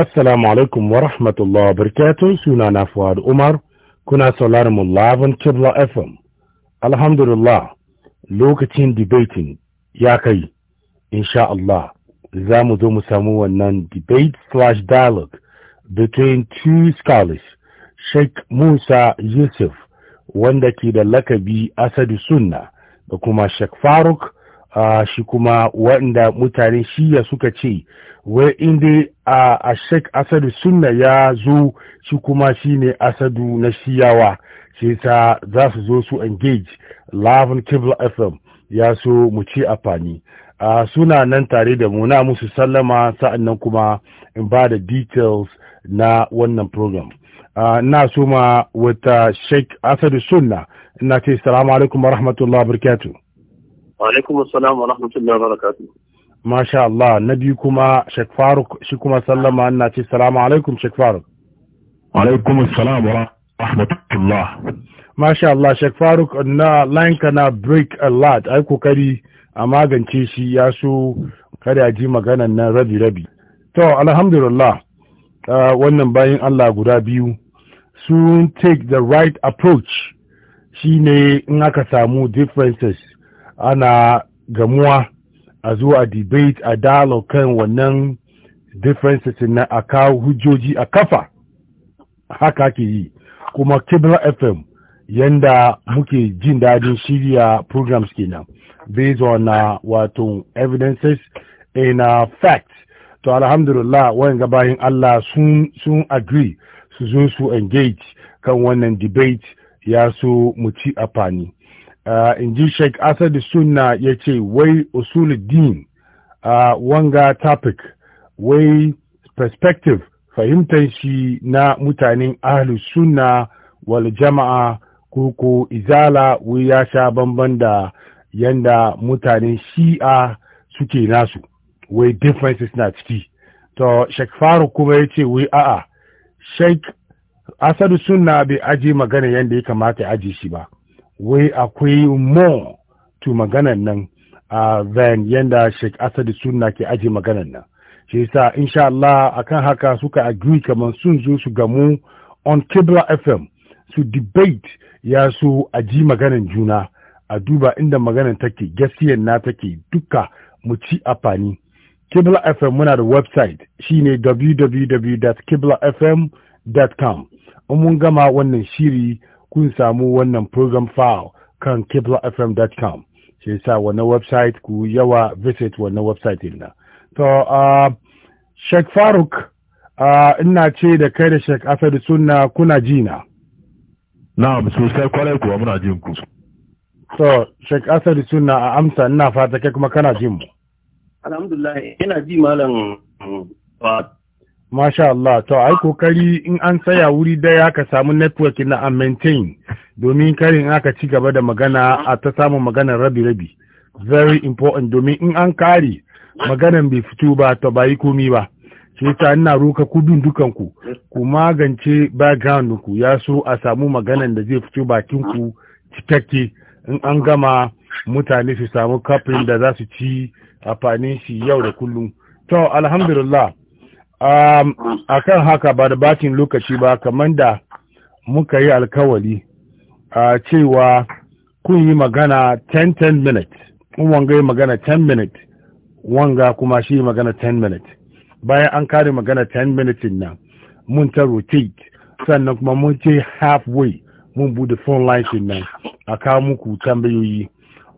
Assalamu alaikum wa rahmatullahi wa barakatun suna na Fuad Umar kuna sauraron mu Lavin Kibla FM. Alhamdulillah lokacin debating ya kai, insha Allah za mu zo mu samu wannan debate slash dialogue between two scholars, Sheikh Musa Yusuf wanda ke da lakabi Asadu Sunna da kuma Sheikh Faruk uh, shi kuma wanda mutane shiya suka ce wai inda a ashek asadu sunna ya zo shi kuma shi ne asadu na shiyawa shi ta za su zo su engage lavin kibla fm ya so mu ci amfani a suna nan tare da mu na musu sallama sa'an nan kuma in ba da details na wannan program na so ma wata sheik asadu sunna ina ce salamu alaikum wa rahmatullahi wa barakatuh wa alaikum assalam wa rahmatullahi wa barakatuh masha Allah na biyu kuma Sheikh Faruk shi kuma sallama ana ce salamu alaikum Sheikh Faruk alaikum assalam wa rahmatullah masha Allah Sheikh Faruk na line na break a lot ai kokari a magance shi ya so kada ji maganan nan rabi rabi to alhamdulillah uh, wannan bayan Allah guda biyu sun take the right approach shine in aka samu differences ana gamuwa a zuwa debate a dialogue kan wannan differences na a kawo hujjoji a kafa haka ke yi kuma kibla fm yanda muke jin dadin shirya programs kenan based on uh, wato evidences in uh, fact to alhamdulillah wayan bayan Allah sun sun agree su zo su engage kan wannan debate ya so mu ci afani Uh, in ji sheik asad sunna ya ce wai usul din uh, wanga topic wai perspective fahimtar shi na mutanen ahli sunna wal jama'a koko izala wai ya sha bamban da yanda mutanen shi'a suke nasu wai differences na ciki to sheik faru kuma ya ce wai a'a sheik asadu sunna bai aje magana yanda ya kamata ya aje shi ba wai akwai more to maganan nan uh, than yanda Sheikh Asad Sunna ke aje maganan nan shi yasa insha Allah akan haka suka agree kamar sun zo su gamu on Kibla FM su debate ya so a ji maganan juna a duba inda maganan take gaskiyan na take duka mu ci afani Kibla FM muna da website shine www.kiblafm.com in mun gama wannan shiri kun samu wannan program file kan kiblafm.com sai sa wannan website ku yawa visit wannan website din nan to uh, Sheikh Faruk uh, ina ce da kai da Sheikh asar suna kuna jina na'am sosai kwarai kuwa muna jin ku to Sheikh asar suna a amsa ina fata kai kuma kana jin mu alhamdulillah ina ji malam Masha Allah, to ai kokari in an tsaya wuri daya ka samu network na a maintain domin karin aka ci gaba da magana a ta samu maganar rabi-rabi. Very important domin in an kare maganan bai fito ba to ba yi komi ba. Shi ta ina roka kudin dukanku ku magance background ku ya so a samu maganan da zai fito bakin ku cikakke in an gama mutane su samu kafin da za su ci amfanin shi yau da kullum. To alhamdulillah a um, akan haka ba da bacin lokaci ba kamar da muka yi alkawali a cewa kun yi magana 10-10 minutes kun wanga yi magana 10 minutes wanga kuma shi yi magana 10 minutes bayan an kare magana 10 minutes nan mun ta rotate sannan kuma mun ce halfway mun bude phone line shi nan a kawo muku tambayoyi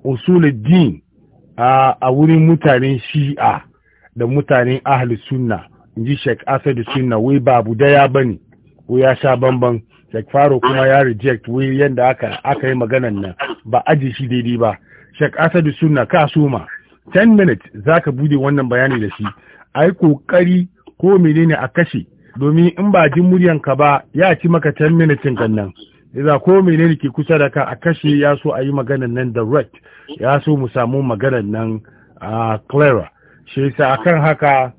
usul din a wurin mutanen shi'a da mutanen ahli sunna in ji sheikh asadu sunna wai babu daya ba ne ko ya sha bamban sheikh faro kuma ya reject wai yanda aka aka yi maganan nan ba aji shi daidai ba sheikh asadu sunna ka suma 10 minutes zaka ka bude wannan bayani da shi a yi kokari ko menene a kashe domin in ba jin ka ba ya ci maka 10 minutes kan nan idan ko menene ke kusa da ka a kashe ya so a yi maganan nan direct ya so mu samu magana nan a ah, clara shi yasa akan haka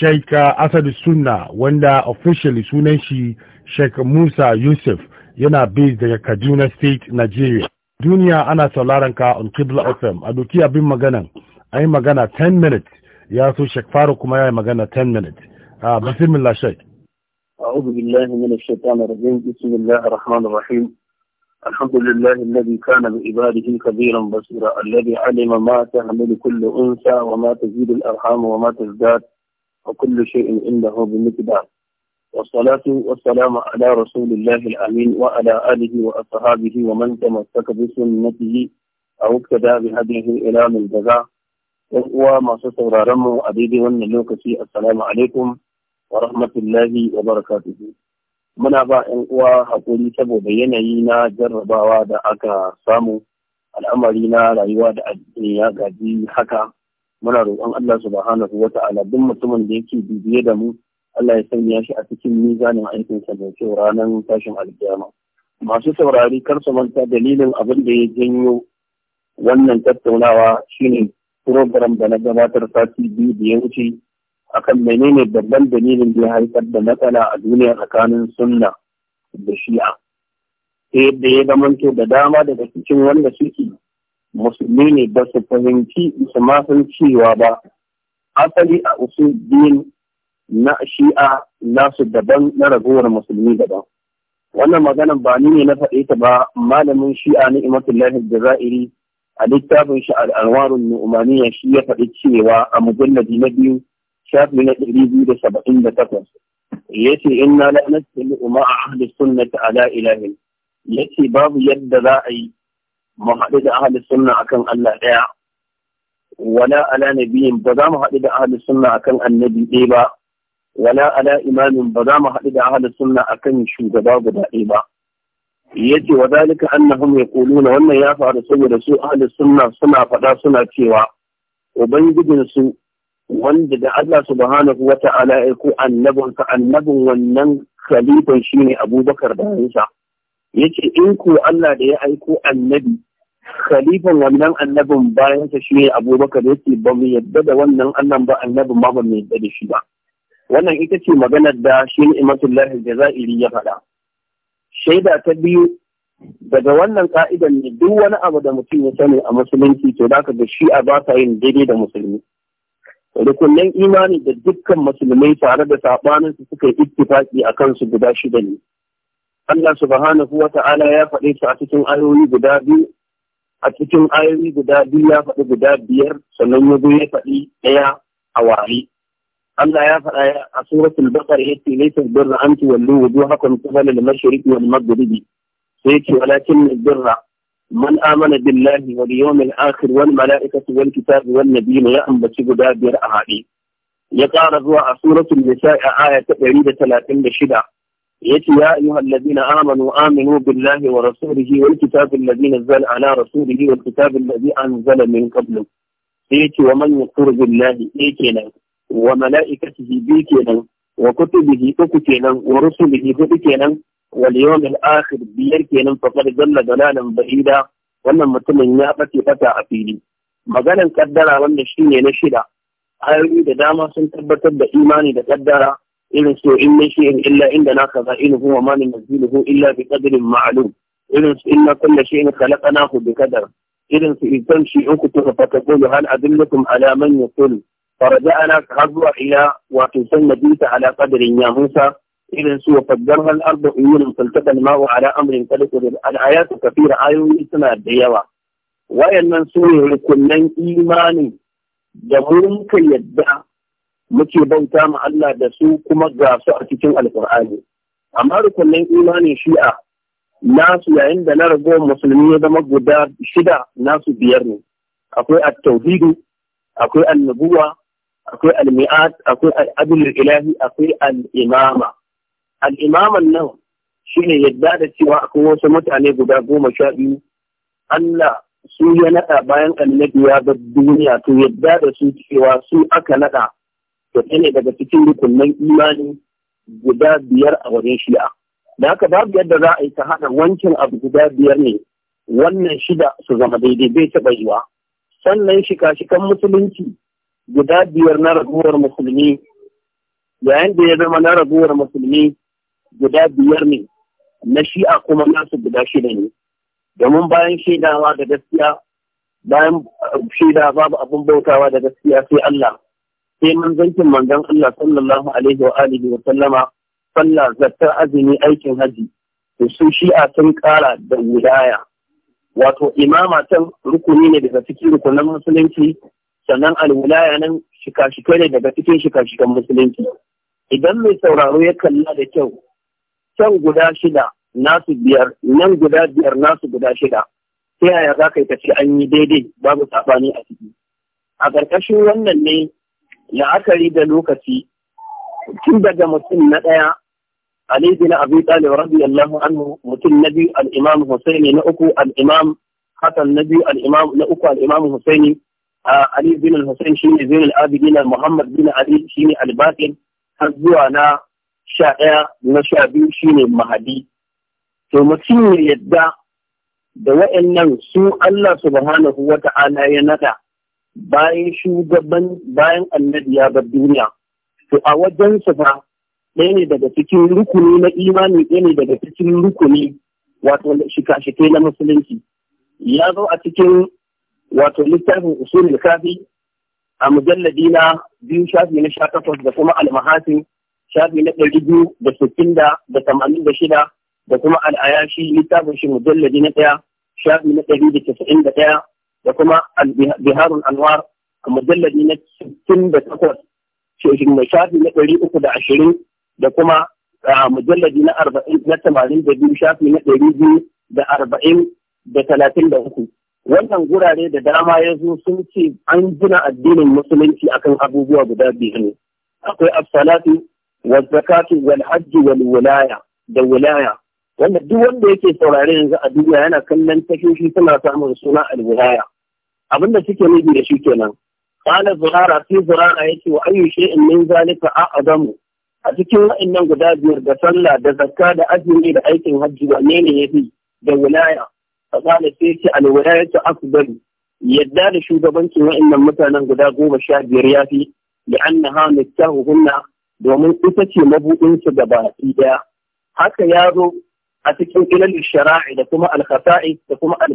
sheik asad sunna wanda officially sunan shi sheik musa yusuf yana based daga kaduna state nigeria duniya ana sauraron ka on kibla fm a doki abin maganan a yi magana 10 minutes ya so sheik faru kuma ya yi magana 10 minutes a ah, bismillah sheik أعوذ بالله من الشيطان الرجيم بسم الله الرحمن الرحيم الحمد لله الذي كان بعباده كبيرا بصيرا الذي علم ما تحمل كل أنثى وما تزيد الأرحام وما تزداد وكل شيء عنده بمقدار والصلاة والسلام على رسول الله الأمين وعلى آله وأصحابه ومن تمسك بسنته أو اقتدى بهديه إلى من جزاء وما سسر رمو أبيد والنلوكسي السلام عليكم ورحمة الله وبركاته muna ba ‘yan uwa haƙuri saboda yanayi na jarrabawa da aka samu al'amari na rayuwa da addini ya gaji haka muna roƙon Allah subhanahu wa ta'ala duk mutumin da yake bibiye da mu Allah ya sanya shi a cikin mizanin aikin sa da kyau ranar tashin aljama masu saurari kar su manta dalilin abin da ya janyo wannan tattaunawa shine program da na gabatar sati biyu da ya wuce akan menene babban dalilin da ya haifar da matsala a duniya tsakanin sunna da shi'a ta yadda ya zamanto da dama daga cikin wanda suke musulmi ne ba su fahimci su ma san cewa ba asali a usul din na shi'a nasu daban na ragowar musulmi daban wannan maganar ba ni ne na faɗe ta ba malamin shi'a ni imatullahi jazairi a littafin shi al'anwarun nu'umaniya shi ya faɗi cewa a mujalladi na biyu shafi na ɗari biyu da saba'in da takwas ya ce inna la nastalu ma a ahli sunnati ala ilahin ya ce babu yadda za a yi mu haɗu da ahli sunna akan Allah ɗaya wala ala nabiyin ba za mu haɗu da ahli sunna akan annabi ɗaya ba wala ala imamin ba za mu haɗu da ahli sunna akan shugaba guda ɗaya ba yace wa zalika annahum yaquluna wannan ya faru saboda su ahli sunna suna faɗa suna cewa Ubangijinsu, wanda da Allah subhanahu wa ta'ala ya ko annabin annabin wannan khalifan shine Abubakar da Aisha ce in ku Allah da ya aiko annabi khalifan wannan annabin bayan sa shine Abubakar yace ba mu yadda da wannan annan ba annabin ma ba mu yadda da shi ba wannan ita ce maganar da shi Imatullah Jazairi ya faɗa shaida ta biyu daga wannan ka'idan ne duk wani abu da mutum ya sani a musulunci to da ga shi a ba yin daidai da musulmi rukunin imani da dukkan musulmai tare da saɓaninsu suka yi ittifaki a kansu guda shida ne Allah subhanahu wa ta'ala ya faɗe su a cikin ayoyi guda biyu a cikin ayoyi guda biyu ya faɗi guda biyar sannan ya zo ya faɗi ɗaya a wari Allah ya faɗa a suratul baqara yace laysa birra an tuwallu wujuhakum qibala al-mashriq wal maghrib sai yace walakin birra man amana billahi wal yawmil akhir wal malaikati wal kitabi wan nabiyina ya ambaci guda biyar a haɗe ya ƙara zuwa a suratul nisa a aya ta ɗari da talatin da shida yace ya ayyuhal ladina amanu aminu billahi wa rasulihi wal kitabil ladzi nazzala ala rasulihi wal kitabil ladzi anzala min qablu sai yace wa man yakfur billahi kenan wa malaikatihi bi kenan wa kutubihi uku kenan wa kenan biyar kenan ba'ida wannan mutumin ya bace fata a fili maganan kaddara wanda shine na shida ayoyi da dama sun tabbatar da imani da kaddara irin su in min illa inda na kaza ilhu wa ma nunzilu illa bi qadrin ma'lum irin su in kullu shay'in ku bi kadar. irin su idan shi in ku tuka fataqulu hal adullukum ala man yusul فرجعنا كهدوء إلى وتسن بيت على قدر يا موسى إذا سوى فجرها الأرض عيون فالتقى الماء على أمر قد قدر الآيات كثيرة آيون سنة ديوا وين su سوى لكل إيماني da mun ka yadda muke bauta ma Allah da su kuma ga su a cikin alkur'ani amma rukunin imanin shi'a nasu yayin da na rago musulmi ya zama guda shida nasu biyar ne akwai at-tauhidu akwai annabuwa akwai al-mi'at akwai al ilahi akwai al-imama al-imaman nan shine yadda da cewa akwai wasu mutane guda goma sha biyu Allah su ya naɗa bayan annabi ya ga duniya to yadda da su cewa su aka naɗa to ne daga cikin rukunin imani guda biyar a wajen shi'a da haka babu yadda za a yi ta haɗa wancan abu guda biyar ne wannan shida su zama daidai bai taɓa yiwa sannan shika-shikan musulunci guda biyar na raguwar musulmi yayin da ya zama na raguwar musulmi guda biyar ne na shi'a kuma nasu guda shida ne domin bayan shaidawa da gaskiya bayan shaida babu abin bautawa da gaskiya sai Allah sai manzancin manzon Allah sallallahu alaihi wa alihi wa sallama sallah zakar azumi aikin haji to su shi'a sun kara da wilaya wato imama can rukuni ne daga cikin rukunan musulunci sannan alwilaya nan shika-shika ne daga cikin shika-shikan musulunci idan mai sauraro ya kalla da kyau can guda shida nasu biyar nan guda biyar nasu guda shida sai yaya za ka yi ce an yi daidai babu saɓani a ciki a ƙarƙashin wannan ne la'akari da lokaci tun daga mutum na ɗaya Ali bin Abi Talib radiyallahu anhu mutum na biyu al-Imam Husaini na uku al-Imam Hassan na biyu al-Imam na uku al-Imam Husaini Ali bin Husain shine Zainul Abidin Muhammad bin Ali shine al-Baqir har zuwa na sha ɗaya na sha biyu shine Mahadi to mutum ya yadda da wa'annan su Allah subhanahu wa ta'ala ya nada bayan shugaban bayan annabi ya bar duniya to a wajen su fa ɗaya ne daga cikin rukuni na imani ɗaya ne daga cikin rukuni wato shika-shike na musulunci ya zo a cikin wato littafin usulul kafi a mujalladi na biyu shafi na sha takwas da kuma almahasin shafi na ɗari biyu da sittin da da tamanin da shida da kuma al'ayashi littafin shi mujalladi na ɗaya shafi na ɗari da casa'in da ɗaya da kuma biharun anwar a mujalladi na sittin da takwas sheshin mai shafi na ɗari uku da ashirin da kuma mujalladi na arba'in na tamanin da biyu shafi na ɗari biyu da arba'in da talatin da uku wannan gurare da dama ya zo sun ce an gina addinin musulunci akan abubuwa guda biyu ne akwai as wa zakatu wal hajji wal wilaya da wilaya wanda duk wanda yake saurare yanzu a duniya yana kallon tashoshi suna samun suna al-wilaya abin da suke nufi da shi kenan qala zurara fi zurara yake wa ayyu shay'in min zalika a'zamu a cikin wa'annan guda biyar da sallah da zakka da azumi da aikin hajji wanne ne yafi da wilaya fa qala sai ce al wilayatu akbar yadda da shugabancin wa'annan mutanen guda goma sha biyar yafi da annaha mutahuhunna domin ita ce mabuɗin su gaba ɗaya haka ya zo a cikin ilal shara'i da kuma al da kuma al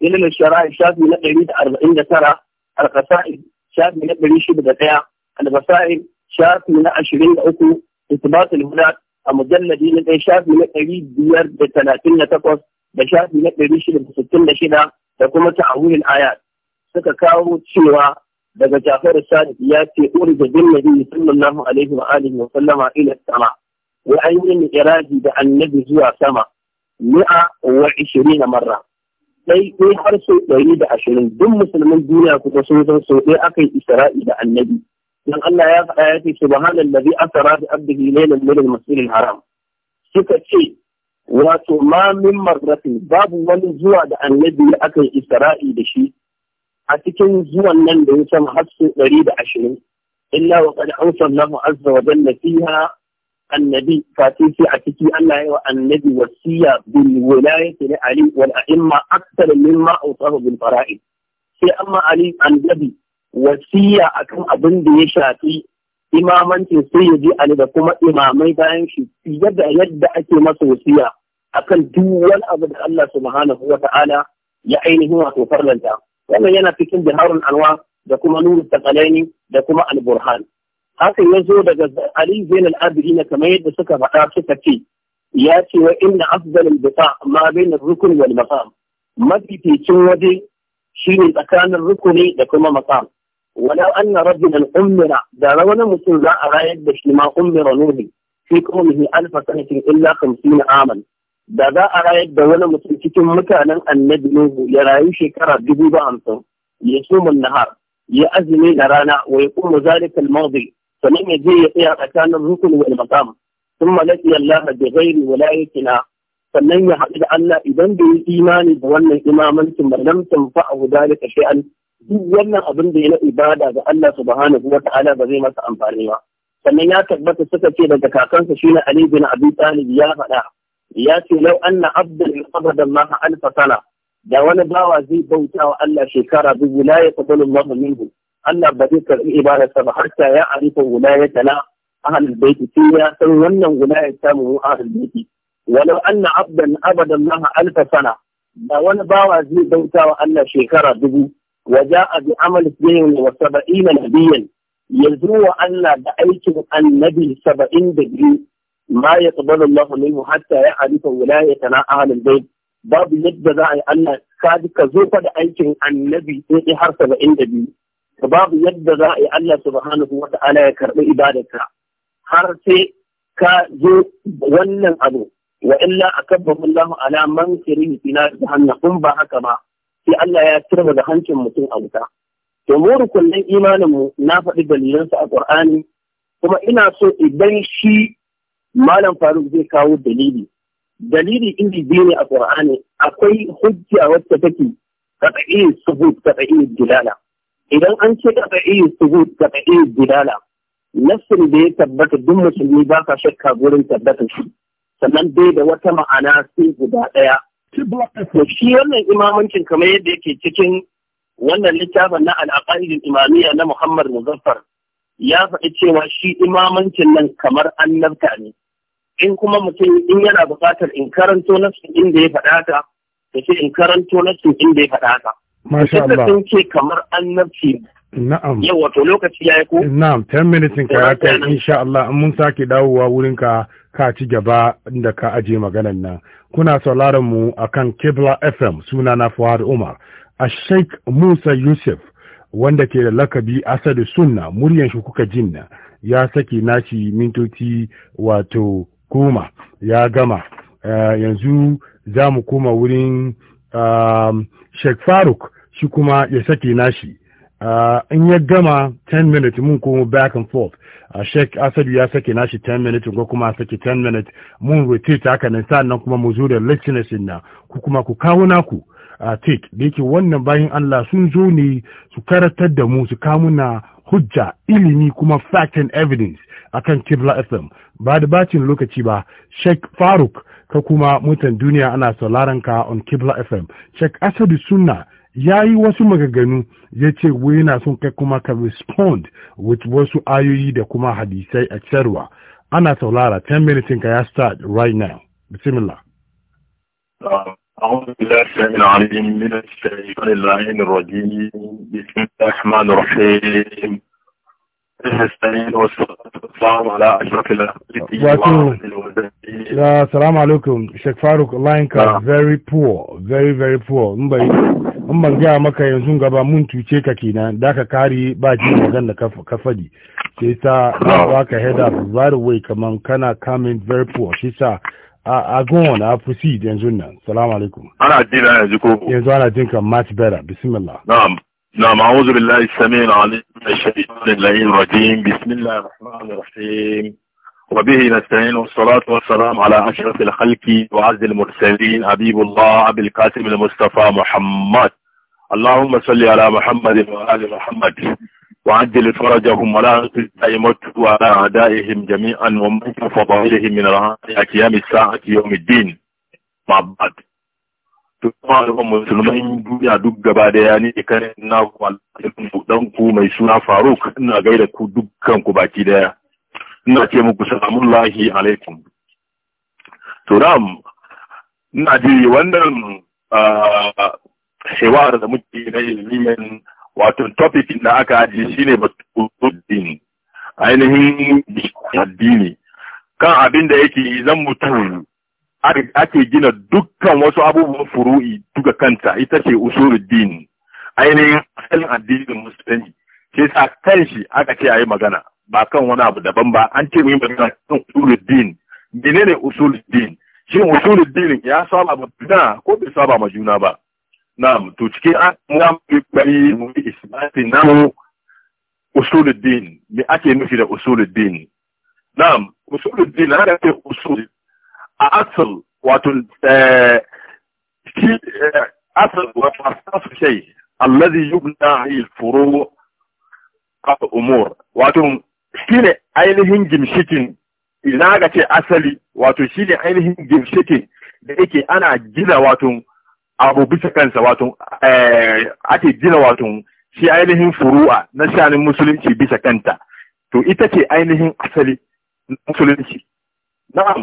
ilimin shara'i shafi na ɗari da arba'in da tara alƙasa'id shafi na ɗari shida da ɗaya albasa'id shafi na ashirin da uku isbatul hudat a mujalladi na ɗaya shafi na ɗari biyar da talatin da takwas da shafi na ɗari shida da sittin da shida da kuma ta'awilin ayat suka kawo cewa daga Jafar Sadiq ya ce uri da bin Nabi sallallahu alaihi wa alihi wa sallama ila sama wa an yi da annabi zuwa sama mi'a wa 20 marra sai ɗai har sau ɗari da ashirin duk musulmin duniya kuma sun san sau ɗai aka yi isra'i da annabi dan Allah ya faɗa ya ce subhanan ladhi asra bi abdihi laylan min al-masjidil haram suka ce wato ma min marratin babu wani zuwa da annabi da aka yi isra'i da shi a cikin zuwan nan da ya sama har sau ɗari da ashirin illa wa qad awsa Allahu azza wa jalla fiha annabi fati ce a ciki Allah ya yi wa annabi wasiya bil wilayati li ali wal a'imma akthar mimma bin bil fara'id sai amma ali annabi wasiya akan abin da ya shafi Imamanci sai ya ji ali da kuma imamai bayan shi da yadda ake masa wasiya akan duk wani abu da Allah subhanahu wa ta'ala ya ainihin wato farlanta wannan yana cikin biharul anwa da kuma nuru takalaini da kuma al-burhan haka ya zo daga Ali Zainal Abidin kamar yadda suka faɗa suka ce ya ce wa inna afdalul bita ma bain rukun wal maqam mafificin waje shine tsakanin rukuni da kuma maqam wala anna rajulan ummira da wani mutum za a rayar da shi ma umira nuhi fi kuma alf sanatin illa 50 aman da za a rayar da wani mutum cikin mutanen annabi nuhu ya rayu shekara dubu ba hamsin ya sumun nahar ya azumi da rana wa ya kuma zalikal mawdi sannan ya je ya tsaya tsakanin rukun wal maqam sun malaki Allah da ghairi walayatina sannan ya haɗu da Allah idan da yi imani da wannan imamancin ba lam tanfa'u dalika shay'an duk wannan abin da ya na ibada ga Allah subhanahu wa ta'ala ba zai masa amfani ba sannan ya tabbata suka ce daga kakansa shine Ali bin Abi Talib ya faɗa ya ce lau anna abdan yaqbada Allah alfa sana da wani bawa zai bauta wa Allah shekara dubu la yaqbalu Allah minhu Allah ba zai karɓi ibadarsa ba har ta ya arifa wulayata na ahlul baiti ya san wannan wulayar ta mu ahlul baiti walau anna abdan abadan laha alfa sana da wani bawa zai bauta wa Allah shekara dubu waja'a bi amal sayyidin wa sab'ina nabiyyan yanzu wa Allah da aikin annabi saba'in da biyu ma ya tsabar Allah minhu hatta ya halifa wilayata na ahalin bai babu yadda za a yi Allah ka ka zo fa da aikin annabi sai har saba'in da biyu Ka babu yadda za a yi Allah subhanahu wa ta'ala ya karɓi ibadarka har sai ka zo wannan abu wa illa akabbahu Allah ala man kirihi fi nar jahannam kun ba haka ba sai Allah ya turba da hancin mutum a wuta to mu rukunin imanin mu na faɗi dalilansa a Qur'ani kuma ina so idan shi malam Faruk zai kawo dalili dalili inda biyu ne a Qur'ani akwai hujja wacce take ka tsaye subut ka tsaye dilala idan an ce da tsaye suhud da tsaye dilala da ya tabbata duk musulmi ba ka shakka gurin tabbatar shi sannan dai da wata ma'ana sai guda ɗaya. To shi wannan imamancin kamar yadda yake cikin wannan littafin na al'aqaidin imamiyya na Muhammad Muzaffar ya faɗi cewa shi imamancin nan kamar annabta ne. In kuma mutum in yana buƙatar in karanto nassin inda ya faɗa ta, in karanto nassin inda ya faɗa ta. Masha Allah. sun ce kamar annabci. Na'am. Yau wato lokaci ya yi ko? Na'am, ten minutes ka ya kai insha Allah in mun sake dawowa wurin ka ka ci gaba da ka aje maganan nan. Kuna sauraron mu akan Kibla FM suna na Fuad Umar. A Sheikh Musa Yusuf wanda ke da lakabi Asadu Sunna muryan shi kuka jinna ya saki nashi mintoci wato goma ya gama. Uh, yanzu za mu koma wurin Um, Sheikh Faruk shi kuma ya sake nashi uh, in ya gama 10 minutes mun komo back and forth uh, Sheikh Asadu ya sake nashi 10 minutes ko kuma sake 10 minutes mun rotate haka nan sannan kuma mu zo da listeners din nan ku kuma ku kawo naku uh, take da yake wannan bayan Allah sun zo ne su karatar da mu su na hujja ilimi kuma fact and evidence akan Kibla FM ba da bacin lokaci ba Sheikh Faruk ka kuma mutan duniya ana sauraron ka on Kibla FM. Sheikh Asadu Sunna ya yi wasu magaganu ya ce yana son kai kuma ka respond with wasu ayoyi da kuma hadisai a cewa ana saulara 10 minutes ka ya start right now. Bismillah. أعوذ بالله السميع العليم من الشيطان اللعين الرجيم بسم الله الرحمن الرحيم والصلاة والسلام على أشرف الأنبياء Uh, alaikum Sheikh Faruk Lainka very poor very very poor in bai ban gaya maka yanzu gaba mun tuce ka kenan da ka kare ba ji magan da ka fadi sai sa ba ka head up right away kaman kana coming very poor shi sa a go on a proceed yanzu nan salamu alaikum ana jin yanzu ko yanzu ana jin ka much better bismillah na'am naam a'udhu billahi السميع alim من الشيطان اللعين bismillahir بسم الله وبه نستعين والصلاة والسلام على أشرف الخلق وعز المرسلين حبيب الله أبي القاسم المصطفى محمد اللهم صل على محمد وآل محمد وعجل فرجهم ولا تدائمته وعلى أعدائهم جميعا ومن فضائلهم من رهان أيام الساعة يوم الدين مع بعض tukwaruwan musulmai duniya duk gaba da ya ne karin na kwallon mai suna faruk ina gaida ku dukkan ku baki daya ina ce muku salamullahi alaikum to ina ji wannan shewar da muke na ilimin wato topikin da aka ajiye shine batun ainihin addini kan abin da yake zan mutum ake gina dukkan wasu abubuwan furu'i duka kanta ita ce usuluddin ainihin asalin addinin musulmi sai sa kan shi aka ce a yi magana ba kan wani abu daban ba an ce mu yi magana kan usuluddin menene shi shin din ya saba ma juna ko bai saba ma juna ba na'am to cikin an ya mu bari mu yi isbati na din me ake nufi da din na'am din ana ce usul a asal wato eh asal wato asal shay alladhi yubna al-furu' umur wato Shi ne ainihin gimshikin ina ga ce asali wato shi ne ainihin gimshikin da yake ana gina wato abu bisa kansa wato eh, ake gina wato shi ainihin furu'a na shanin musulunci bisa kanta to ita ce ainihin asali na musulunci na'am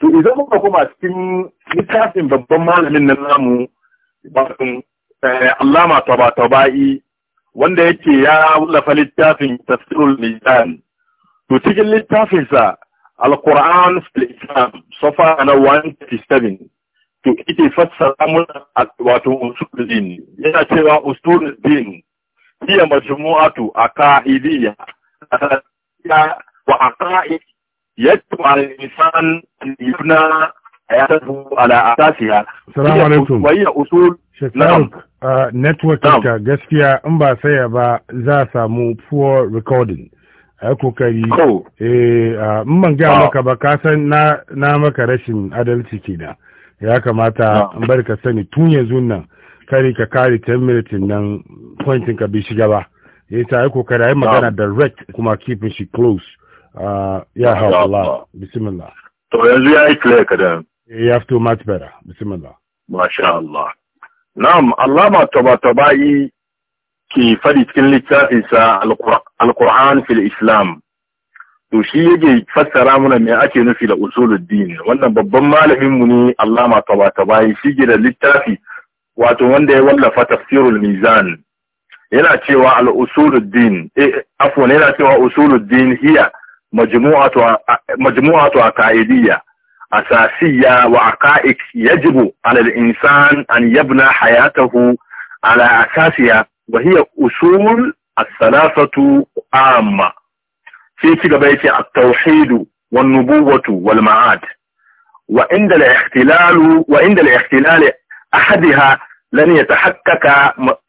to idan muka koma cikin littafin babban malamin nan namu wato eh, Allama Tabatabai wanda yake ya wallafa littafin tafsirul mizan to cikin littafinsa alquran fil islam safa na 137 to ita fassara mun wato usul yana cewa usul din hiya majmu'atu aqaidiyya wa aqaid yajib al-insan yubna hayatahu ala asasiha assalamu alaikum wa hiya usul Shekaruk uh, network ka gaskiya in ba saya ba za a samu poor recording. Eh, a kokari. Eh, in ban gaya maka ba ka san na, na maka rashin adalci kenan. Ya kamata in bar ka sani tun yanzu nan kare ka kare 10 minutes nan pointin ka bi shiga ba. Ya ta ai kokari a magana direct kuma keeping shi close. Ah, ya hau Allah. Bismillah. To yanzu ya yi clear kadan. Eh, ya fito much better. Bismillah. Masha Allah. na'am allama tabatabai ke faɗi cikin littafinsa alkur'an fil islam to shi yake fassara mana me ake nufi da usuluddin wannan babban malamin mu ne allama tabatabai shi ke da littafi wato wanda ya wallafa tafsirul mizan yana cewa al usuluddin eh, yana cewa usuluddin hiya majmu'atu majmu'atu أساسية وعقائد يجب على الإنسان أن يبنى حياته على أساسها وهي أصول الثلاثة عامة في تقبيت التوحيد والنبوة والمعاد وعند الاختلال وعند الاختلال أحدها لن يتحقق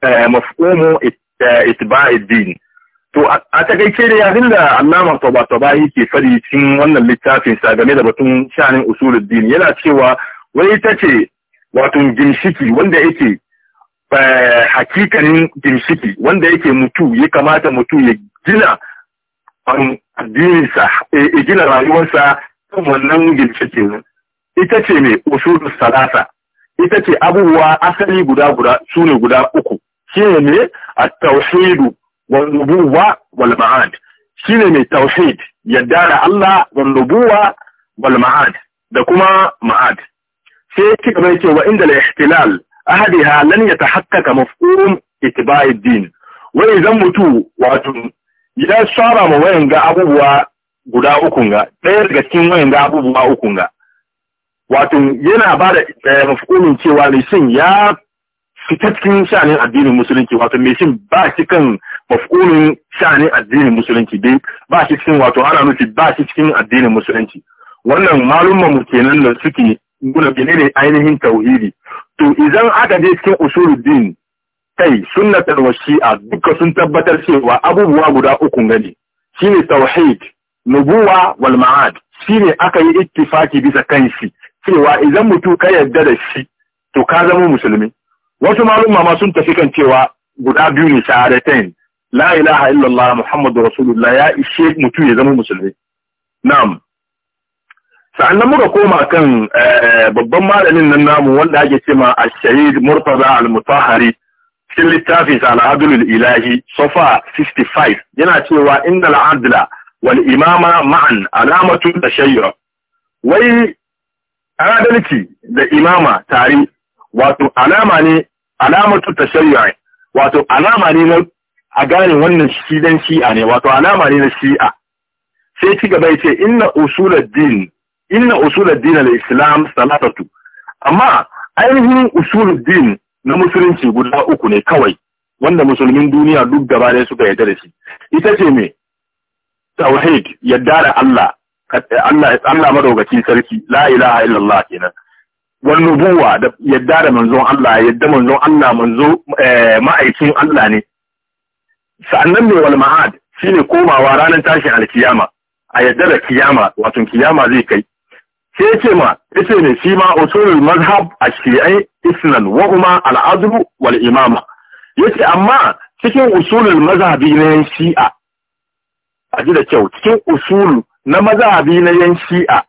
آه، مفهوم آه، اتباع الدين To a takaice da yayin da Allama Toba Toba yake fari cikin wannan littafin sa game da batun shanin usuluddin yana cewa wani ita ce wato ginshiki wanda yake eh, hakikanin ginshiki wanda yake mutu ya kamata mutu ya gina um, addininsa ya gina rayuwarsa kan wannan ginshiki ita ce mai usulun salasa ita ce abubuwa asali guda guda su ne guda uku shi ne a tauhidu wal nubuwa wal ma'ad shine mai tauhid yadda da Allah wal nubuwa wal da kuma ma'ad sai yake gaba yake wa inda al-ihtilal ahadiha lan yatahaqqaqa din wa zan mutu wato ya saba ma wayan ga abubuwa guda ukun ga ɗaya daga cikin wayan ga abubuwa ukun ga wato yana ba da mafhumin cewa ne ya fita cikin sha'anin addinin musulunci wato me shin ba shi kan mafkulun sha'anin addinin musulunci dai ba shi cikin wato ana nufi ba shi cikin addinin musulunci wannan malumman mu kenan da suke nuna ne ainihin tauhidi to idan aka je cikin usuluddin kai sunnatar wa a duka sun tabbatar cewa abubuwa guda uku gani shine tauhid nubuwa wal ma'ad shine aka yi ittifaki bisa kanshi cewa idan mutu ka yarda da shi to ka zama musulmi wasu malumma ma sun tafi kan cewa guda biyu ne shahadatain لا إله إلا الله محمد رسول الله يا الشيخ متو يزمه مسلمين نعم فعندما ركوما كان آه، بضم على أن النام ولا جسم الشهيد مرتضى المطهري في التافيس على عدل الإلهي صفا 55 جناتي وإن العدل والإمامة معا علامة تشيرة وي عدلتي لإمامة تاريخ واتو علامة علامة تشيرة واتو علامة a gane wannan shi dan shi'a ne wato alama ne na shi'a sai ci gaba yace inna usuluddin inna usuluddin al-islam salatatu amma ainihin usuluddin na musulunci guda uku ne kawai wanda musulmin duniya duk gaba ɗaya suka yarda da shi ita ce me tauhid yadda da Allah Allah Allah madaukaki sarki la ilaha illallah kenan wani nubuwa da yadda da manzon Allah yadda manzon Allah manzo eh, ma'aikin Allah ne sa'annan mai wal ma'ad shine komawa ranar tashin alkiyama a yadda da kiyama wato kiyama zai kai sai ce ma yace ne shi ma usulul mazhab a ashfi'i isnan wa huma al wal imama yace amma cikin usulul mazhabi na yan shi'a a ji da kyau cikin usulu na mazhabi na yan shi'a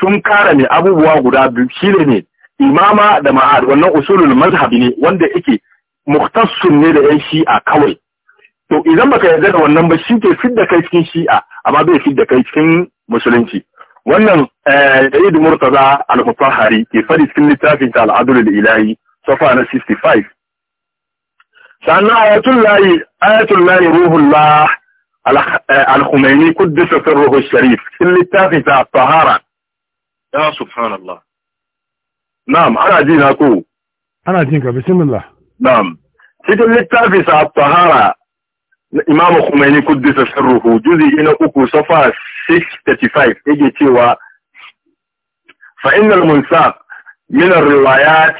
sun kara ne abubuwa guda biyu shine ne imama da ma'ad wannan usulul mazhabi ne wanda yake muhtassun ne da yan shi'a kawai to idan baka yarda da wannan ba shi ke fidda kai cikin shi'a amma bai fidda kai cikin musulunci wannan Sayyid Murtaza Al-Mutahhari ke fadi cikin littafin ta Al-Adl al-Ilahi safa na 65 sannan ayatul lahi ayatul lahi ruhullah al-Khumaini kuddisa sirruhu sharif cikin littafin ta Tahara ya subhanallah na'am ana jin na ko ana jin ka bismillah na'am cikin littafin sa Tahara na imamu kumaini kuddisa sirruhu juzi na uku safa 635 yake cewa fa innal munsaf min ar-riwayat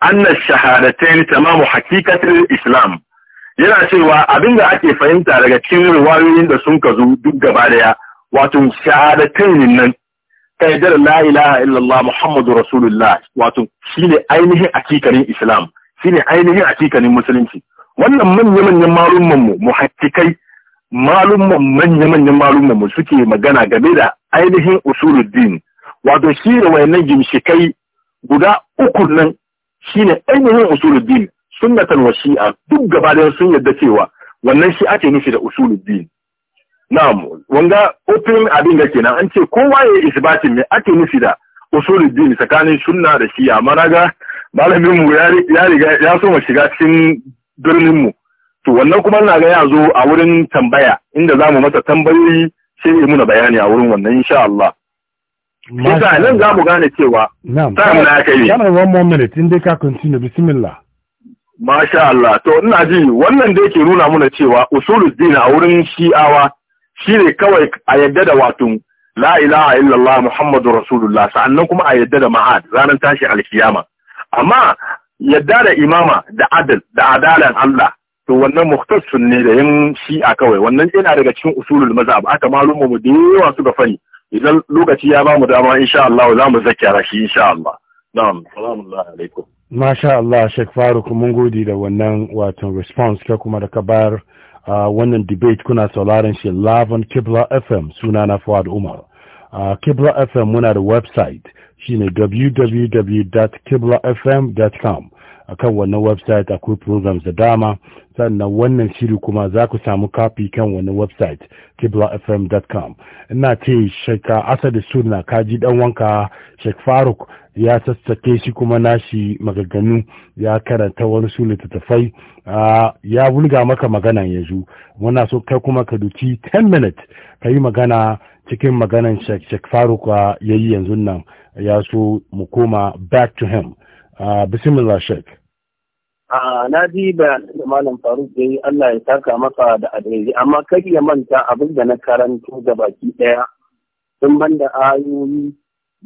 anna ash-shahadatayn tamamu haqiqatil islam yana cewa abinda ake fahimta daga cikin riwayoyin da sun kazo duk gaba daya wato nan kaidar la ilaha illallah muhammadu rasulullah wato shine ainihin hakikanin islam shine ainihin akikarin musulunci wannan manya-manyan malumman mu muhakkikai malumman manya-manyan malumman suke magana game da ainihin usuluddin wato shi da wayannan gimshikai guda uku nan shine ainihin usuluddin sunnatan wa shi'a duk gaba da sun yadda cewa wannan shi ake nufi da usuluddin na'am wanga opening abin da kenan an ce kowa ya isbatin me ake nufi da usuluddin tsakanin sunna da shi'a maraga malamin mu ya riga ya so mu shiga cikin birninmu to wannan kuma na ga ya zo a wurin tambaya inda za mu masa tambayoyi sai yi muna bayani a wurin wannan insha Allah Kisa nan za mu gane cewa time na kai ne. one more minute in dai ka continue bismillah. Masha Allah to ina ji wannan da yake nuna muna cewa usuluddin a wurin shi'awa shine kawai a yadda da watun la ilaha illallah muhammadur rasulullah sa'annan kuma a yadda da ma'ad ranar tashi alkiyama amma yadda da imama da adal da adalan Allah to wannan muhtasun ne da yin shi'a kawai wannan yana daga cikin usulul mazhab aka malumu mu da yawa suka fani idan lokaci ya ba mu dama insha Allah za mu zakkara shi insha Allah na'am salamu alaikum masha Allah Sheikh Faruk mun gode da wannan wato response ka kuma da ka bayar wannan debate kuna sauraron shi live Kibla FM sunana Fuad Umar Kibla FM muna da website shine www.kiblafm.com a kan wannan website akwai programs da dama sannan wannan shiri kuma za ku samu kafi kan wannan website kiblafm.com ina ce sheka asadi suna kaji dan wanka shek faruk ya sassake shi kuma nashi magaganu ya karanta wani su littattafai ya wulga maka magana yanzu muna so kai kuma ka duki 10 minutes ka yi magana cikin maganan Sheikh faruk uh, ya yi yanzu nan ya so mu koma back to him uh, bismillah Sheikh ah, na ji da malam faruk ya yi allah ya taka masa da adresi amma kar ya manta abin da na karanto da baki ɗaya sun banda ayoyi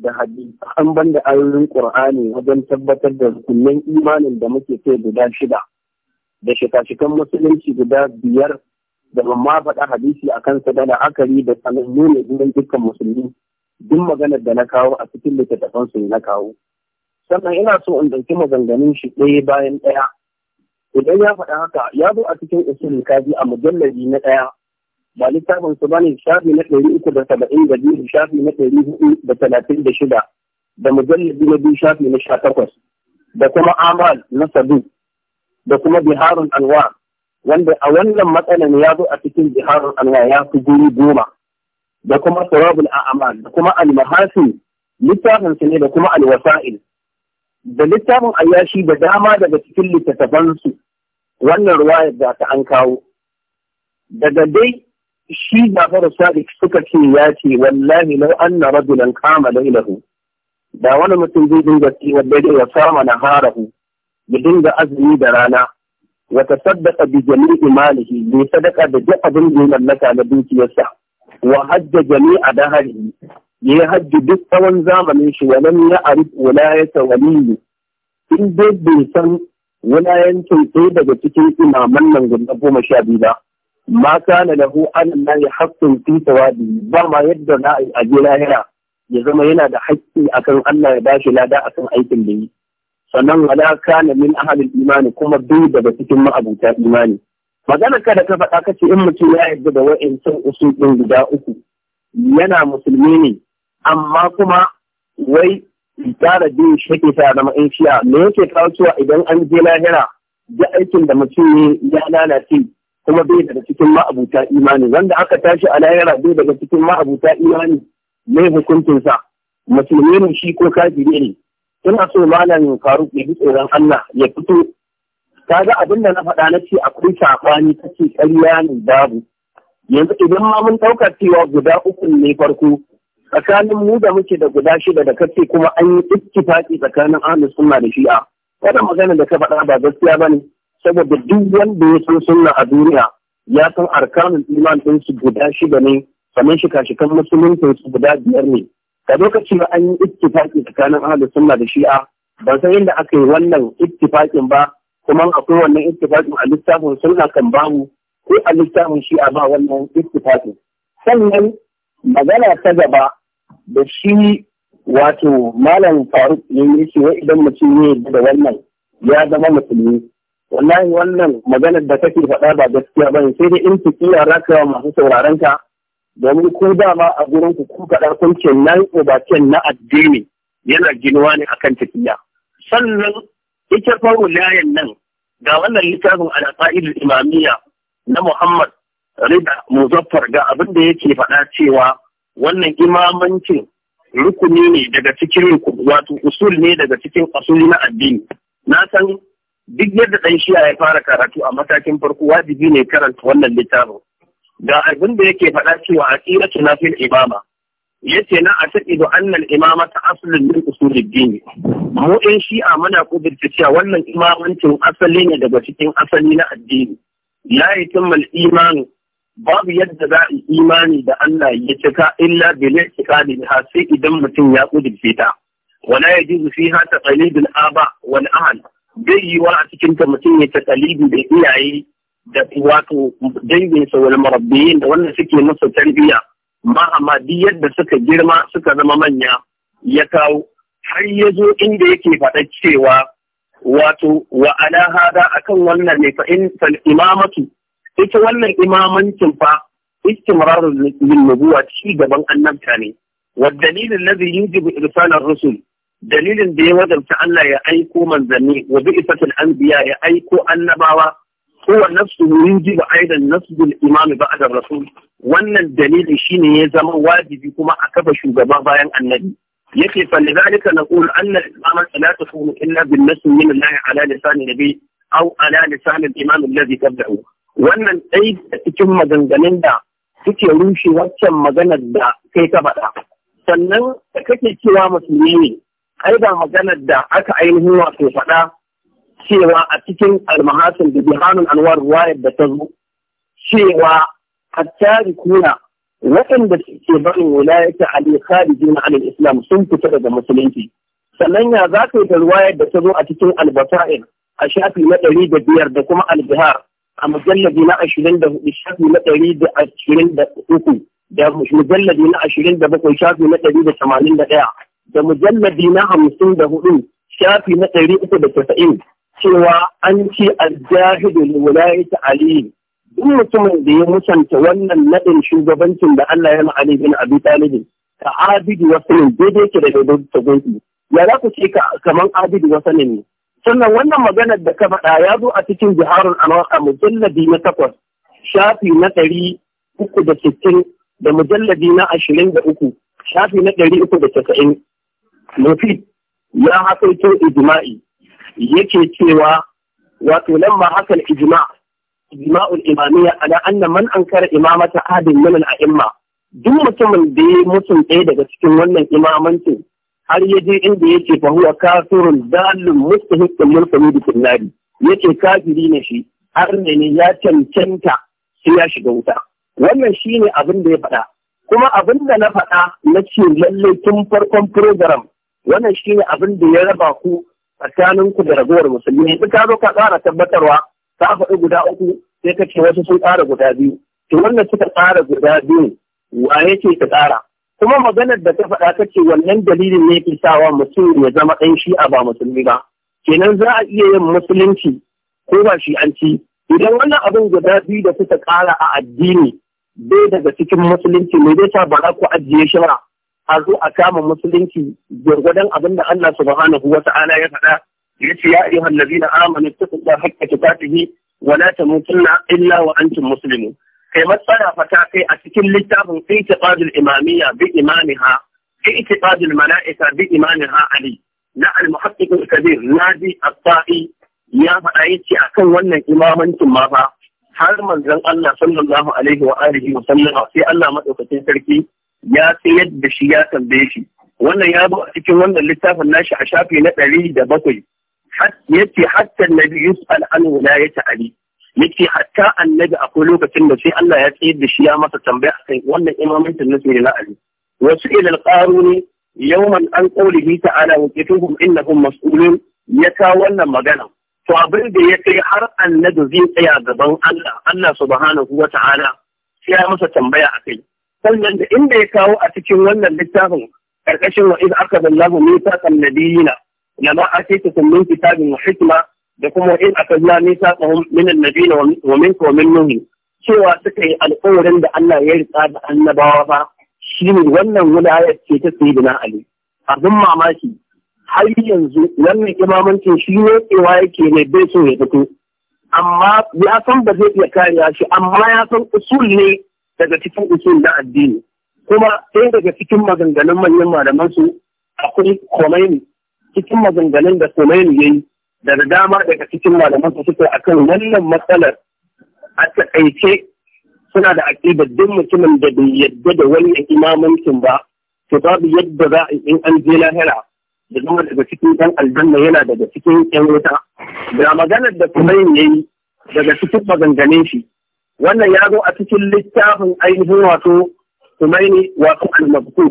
da hadisi an banda ayoyin qur'ani wajen tabbatar da rukunin imanin da muke kai guda shida da shika-shikan musulunci guda biyar da ban ma faɗa hadisi a kansa da la'akari da sanin ne gurin dukkan musulmi duk maganar da na kawo a cikin littattafan su na kawo sannan ina so in ɗauki maganganun shi ɗaya bayan ɗaya idan ya faɗa haka ya zo a cikin usulul kaji a mujallabi na ɗaya ba littafin su bane shafi na ɗari uku da saba'in da biyu shafi na ɗari hudu da talatin da shida da mujallabi na biyu shafi na sha takwas da kuma amal na sadu da kuma biharun anwar wanda a wannan matsalan ya zo a cikin jiharar anwa ya fi guri goma da kuma surabul a'amal da kuma al-mahasi littafin su ne da kuma al-wasa'il da littafin ayyashi da dama daga cikin littattafan su wannan ruwaya da ta an kawo daga dai shi fara Sadiq suka ce ya ce wallahi law anna rajulan qama laylahu da wani mutum zai dinga ci wanda ya sama naharahu ya dinga azumi da rana wa tasaddaqa bi jami'i malihi bi sadaqa da duk abin da ya mallaka na dukiyarsa wa hajja jami'a daharihi yayi hajji duk tsawon zamanin shi wa lam ya'rif wilayata waliyyi in dai bai san wulayancin ɗaya daga cikin imaman nan guda goma sha biyu ba ma kana lahu an la haqqun fi tawadi ba ma yadda na a je lahira ya zama yana da haƙƙi akan Allah ya bashi lada akan aikin da yi sannan wala kana min ahalin imani kuma duk daga cikin ma'abuta imani magana ka da ka faɗa ka ce in mutum ya yarda da wa'ancan usul ɗin guda uku yana musulmi ne amma kuma wai tsara bin shi ta zama in shiya me yake kawo cewa idan an je lahira da aikin da mutum ne ya lalace kuma bai daga cikin ma'abuta imani wanda aka tashi a lahira bai daga cikin ma'abuta imani mai hukuncinsa musulmi ne shi ko kafiri ne ina so malam faruk ya bi tsoron Allah ya fito kaga abin da na faɗa na ce akwai saɓani ta ce ƙarya ne babu yanzu idan ma mun ɗaukar cewa guda uku ne farko tsakanin mu da muke da guda shida da kace kuma an yi ittifaki tsakanin ahlus sunna da shi'a Kada magana da ka faɗa ba gaskiya bane saboda duk wanda ya san sunna a duniya ya san arkanul iman ɗinsu guda shida ne sannan shika-shikan musulunci guda biyar ne Da lokacin da an yi ittifaki tsakanin ahlus sunna da shi'a ban san inda aka yi wannan ittifakin ba kuma akwai wannan ittifakin a littafin sunna kan babu ko a littafin shi'a ba wannan ittifakin sannan magana ta gaba da shi wato malam faruk ya yi shi wai idan mutum ya da wannan ya zama musulmi wallahi wannan maganar da kake faɗa ba gaskiya ba ne, sai dai in tafiya raka masu sauraron ka domin ku dama a gurin ku ku kaɗa kun ce ko ubacen na addini yana ginuwa ne akan tafiya sannan ita faru layan nan ga wannan littafin al'aqaidul imamiyya na Muhammad Rida Muzaffar ga abin da yake faɗa cewa wannan imamancin rukuni ne daga cikin wato usul ne daga cikin asuli na addini na san duk yadda ɗan shiya ya fara karatu a matakin farko wajibi ne karanta wannan littafin da abin da yake faɗa cewa aqidatu na fil imama yace na a ataqidu annal imama ta asalin min usul din mu shi shi'a muna kudurta cewa wannan imamancin asali ne daga cikin asali na addini la yi iman babu yadda za a imani da Allah ya cika illa bil i'tiqadi ha sai idan mutum ya kudurta ta wala yajuzu fiha taqlidul aba wal ahl bai yiwa a cikin ta mutum ya taqlidi da iyaye da wato daidaita wani marabbiyin da wanda suke masa tarbiyya ma amma duk yadda suka girma suka zama manya ya kawo har ya zo inda yake faɗa cewa wato wa ala hada akan wannan ne fa in fal imamatu ita wannan imamancin fa istimrar lin nubuwa ci gaban annabta ne wa dalilin ladhi yujibu irsal ar-rusul dalilin da ya wajabta Allah ya aiko manzanni wa bi'satul anbiya ya aiko annabawa huwa nafsuhu yujibu aidan nasbul imam da rasul wannan dalilin shine ya zama wajibi kuma a kafa shugaba bayan annabi yake fa lidhalika naqul anna al-imama la takunu illa bin nasb min Allah ala lisan nabi aw ala lisan al-imam alladhi tabda'u wannan dai cikin maganganun da suke rushe waccan maganar da kai ka faɗa sannan da kake cewa musulmi ne ai ba maganar da aka ainihin wato faɗa cewa a cikin almahasin da bihanun anwar ruwayar da ta zo cewa hatta kuna, waɗanda suke barin wilayata ali kharijin an islam sun fita daga musulunci sannan ya za ka yi da ruwayar da ta zo a cikin albasa'in a shafi na ɗari da biyar da kuma albihar a mujallabi na ashirin da hudu shafi na ɗari da ashirin da uku da mujallabi na ashirin da bakwai shafi na ɗari da tamanin da ɗaya da mujallabi na hamsin da hudu shafi na ɗari uku da tasa'in cewa an ce aljahidu ta Aliyu. duk mutumin da ya musanta wannan naɗin shugabancin da Allah ya ma'ali bin abu Talib ka abidu ne daidai ke da daidai ta gobe ya za ku ce kamar abidu wasu ne sannan wannan maganar da ka faɗa ya zo a cikin jiharun anwar a mujallabi na takwas shafi na ɗari uku da sittin da mujallabi na ashirin da uku shafi na ɗari uku da casa'in Mufid ya haƙaito ijima'i yake cewa wato lamma hasal ijma ijma'ul imamiyya ala anna man ankara imamata ahadin min al-a'imma duk mutumin da ya mutum ɗaya daga cikin wannan imamanci har ya je inda yake fa huwa kafirun dalil mustahiqqun lil khulud fil nar yace kafiri ne shi har ne ne ya cancanta sai ya shiga wuta wannan shine abin da ya faɗa kuma abin da na faɗa na ce lalle tun farkon program wannan shine abin da ya raba ku tsakaninku da ragowar musulmi in ka zo ka tsara tabbatarwa ka faɗi guda uku sai ka ce wasu sun tsara guda biyu to wannan suka tsara guda biyu wa yake ka tsara kuma maganar da ta faɗa ta ce wannan dalilin ne ke sawa mutum ya zama ɗan shi'a ba musulmi ba kenan za a iya yin musulunci ko ba shi'anci idan wannan abin guda biyu da suka ƙara a addini bai daga cikin musulunci mai zai sa ba za ku ajiye shi ba a zo a kama musulunci gwargwadon abin da Allah subhanahu wa ta'ala ya faɗa ya ce ya na allazina amanu taqullaha haqqa tuqatihi wa la tamutunna illa wa antum muslimun kai matsaya fata kai a cikin littafin itiqadul imamiyya bi imamiha itiqadul mala'ika bi imamiha ali na al-muhaqqiq kabir nadi at-ta'i ya faɗa yace akan wannan imamancin ma fa har manzon Allah sallallahu alaihi wa alihi wa sallama sai Allah madaukakin sarki ya sayar da shi ya tambaye shi wannan ya zo a cikin wannan littafin nashi a shafi na ɗari da bakwai yace hatta nabi yus'al an wilayati ali yace hatta annabi akwai lokacin da sai Allah ya tsayar da shi ya masa tambaya kai wannan imamancin na sayyidina ali wasu ilal ne yawman an qawlihi ta'ala wa qituhum innahum mas'ulun ya ta wannan magana to abin da ya kai har annabi zai tsaya gaban Allah Allah subhanahu wa ta'ala sai ya masa tambaya akai sannan da inda ya kawo a cikin wannan littafin karkashin wa idza akada Allahu mithaqan nabiyina lama atitukum min kitabin wa hikma da kuma wa idza akada mithaqahum wa minkum wa min nuhi cewa suka yi alƙawarin da Allah ya rika da annabawa ba ne wannan wilayar ce ta sayyidina Ali abin mamaki har yanzu wannan imamancin shi ne tsewa yake ne bai so ya fito amma ya san ba zai iya kariya shi amma ya san usul ne daga cikin usul na addini kuma ɗaya daga cikin maganganun manyan malaman su akwai Khomeini cikin maganganun da Khomeini ya yi daga dama daga cikin malaman su a kan wannan matsalar a taƙaice suna da aƙidar duk mutumin da bai yarda da wannan imamancin ba to babu yadda za a in an je lahira da zama daga cikin ɗan aljanna yana daga cikin ƴan wuta da maganar da kuma ya daga cikin maganganun shi wannan ya zo a cikin littafin ainihin wato Tumaini wato al-Mabkur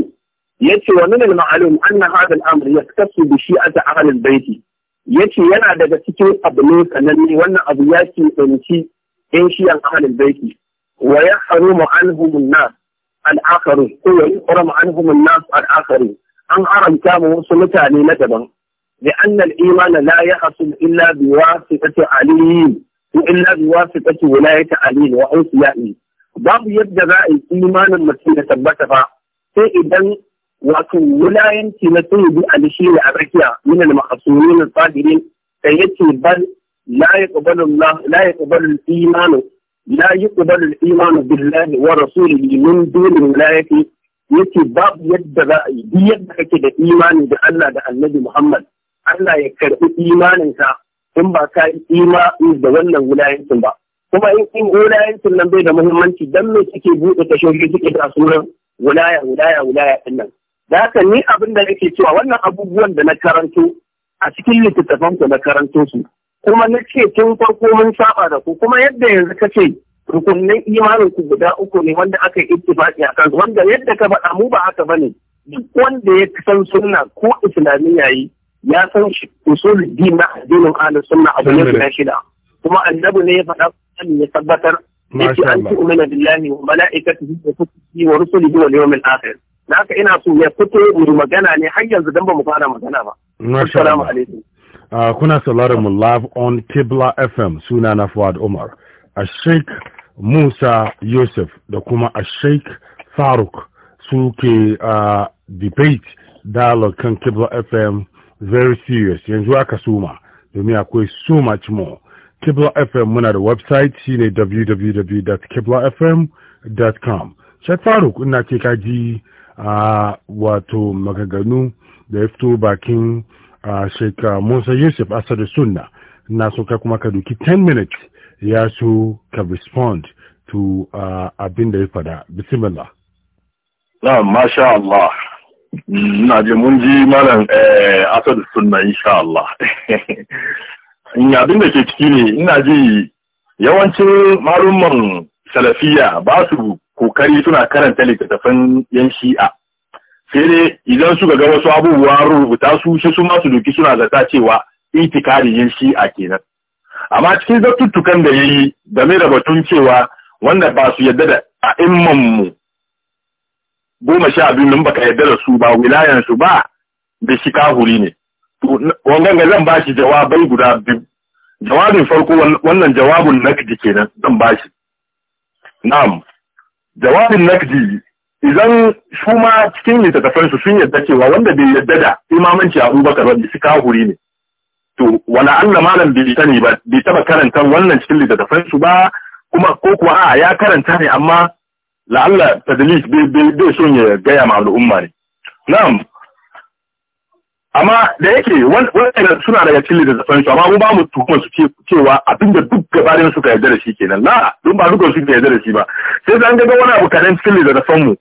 yace wa min al-ma'lum anna hadha al-amr yaktasu bi shi'ati ahli al-bayt yace yana daga cikin abu ne wannan abu ya ke tsanci in shi'an ahli al-bayt wa yahrumu anhum an-nas al-akharun ko ya yahrumu anhum an-nas al an haramta mu wasu mutane na daban لأن الإيمان لا illa إلا بواسطة عليم illa bi wasitati wilayati ali babu yadda za a yi imanin mutum ya tabbata fa sai idan wato wulayanci na sayyidi ali shi ne a tsakiya minal al ma'sumin al sadirin sai yace bal la yaqbalu allah la la yaqbalu al iman billahi wa rasulihi min dun yace babu yadda za a yi duk yadda kake da imani da Allah da Annabi Muhammad Allah ya karbi imaninka in ba ka yi ima da wannan wulayancin ba kuma in in wulayancin nan bai da muhimmanci dan me kike buɗe tashoshi suke da sunan wulaya wulaya wulaya din nan da haka ni abin da nake cewa wannan abubuwan da na karanto a cikin littattafan ku na karanto su kuma na ce tun farko mun saba da ku kuma yadda yanzu ka ce rukunin imanin ku guda uku ne wanda aka yi ittifaqi a kansu wanda yadda ka faɗa mu ba haka bane duk wanda ya san sunna ko islamiyya yi ya san shi usulul din na addinin ahlus sunna abu ne guda shida kuma annabi ne ya faɗa kan ya tabbatar yake an ci umina billahi wa mala'ikatihi wa kutubihi wa rusulihi wal yawmil akhir haka ina so ya fito mu magana ne har yanzu dan ba mu fara magana ba assalamu alaikum ah, kuna sauraron mu live on Kibla FM suna na Fuad Umar a Sheikh Musa Yusuf da kuma a Sheikh Faruk suke a ah, debate dialogue kan Kibla FM very serious yanzu aka suma domin akwai so much more kibla fm muna da website shine www.kiblafm.com shek faruk ina ce ka ji wato maganganu da ya fito bakin sheik musa yusuf asadu sunna na so ka kuma ka duki 10 minutes ya so ka respond to abin da ya fada bismillah na masha Allah na je mun ji malam eh, asad sunna insha Allah in abin da ke ciki ne ina ji yawancin malumman salafiya ba su kokari suna karanta littattafan yan shi'a sai dai idan suka ga wasu abubuwa rubuta su shi su masu doki suna zata cewa itikari yan shi'a kenan amma cikin zattuttukan da yayi yi game da batun cewa wanda ba su yadda da a'immanmu goma sha biyu nan baka yarda da su ba wilayan su ba da shi kahuri ne wannan ga zan bashi jawabai guda biyu jawabin farko wannan jawabin nakdi kenan zan bashi na'am jawabin nakdi idan su ma cikin littattafan su sun yarda cewa wanda bai yarda da imamanci a Abubakar ba shi kahuri ne to wala Allah malam bai sani ba bai taba karanta wannan cikin littattafan su ba kuma ko kuwa a ya karanta ne amma la'alla tadlis bai son ya gaya ma al'umma ne na'am amma da yake wannan suna daga cikin da su amma mu ba mu tuhumar su cewa abinda duk gabarin suka yarda da shi kenan la don ba dukkan su yarda da shi ba sai zan ga wani abu kadan cikin littattafan mu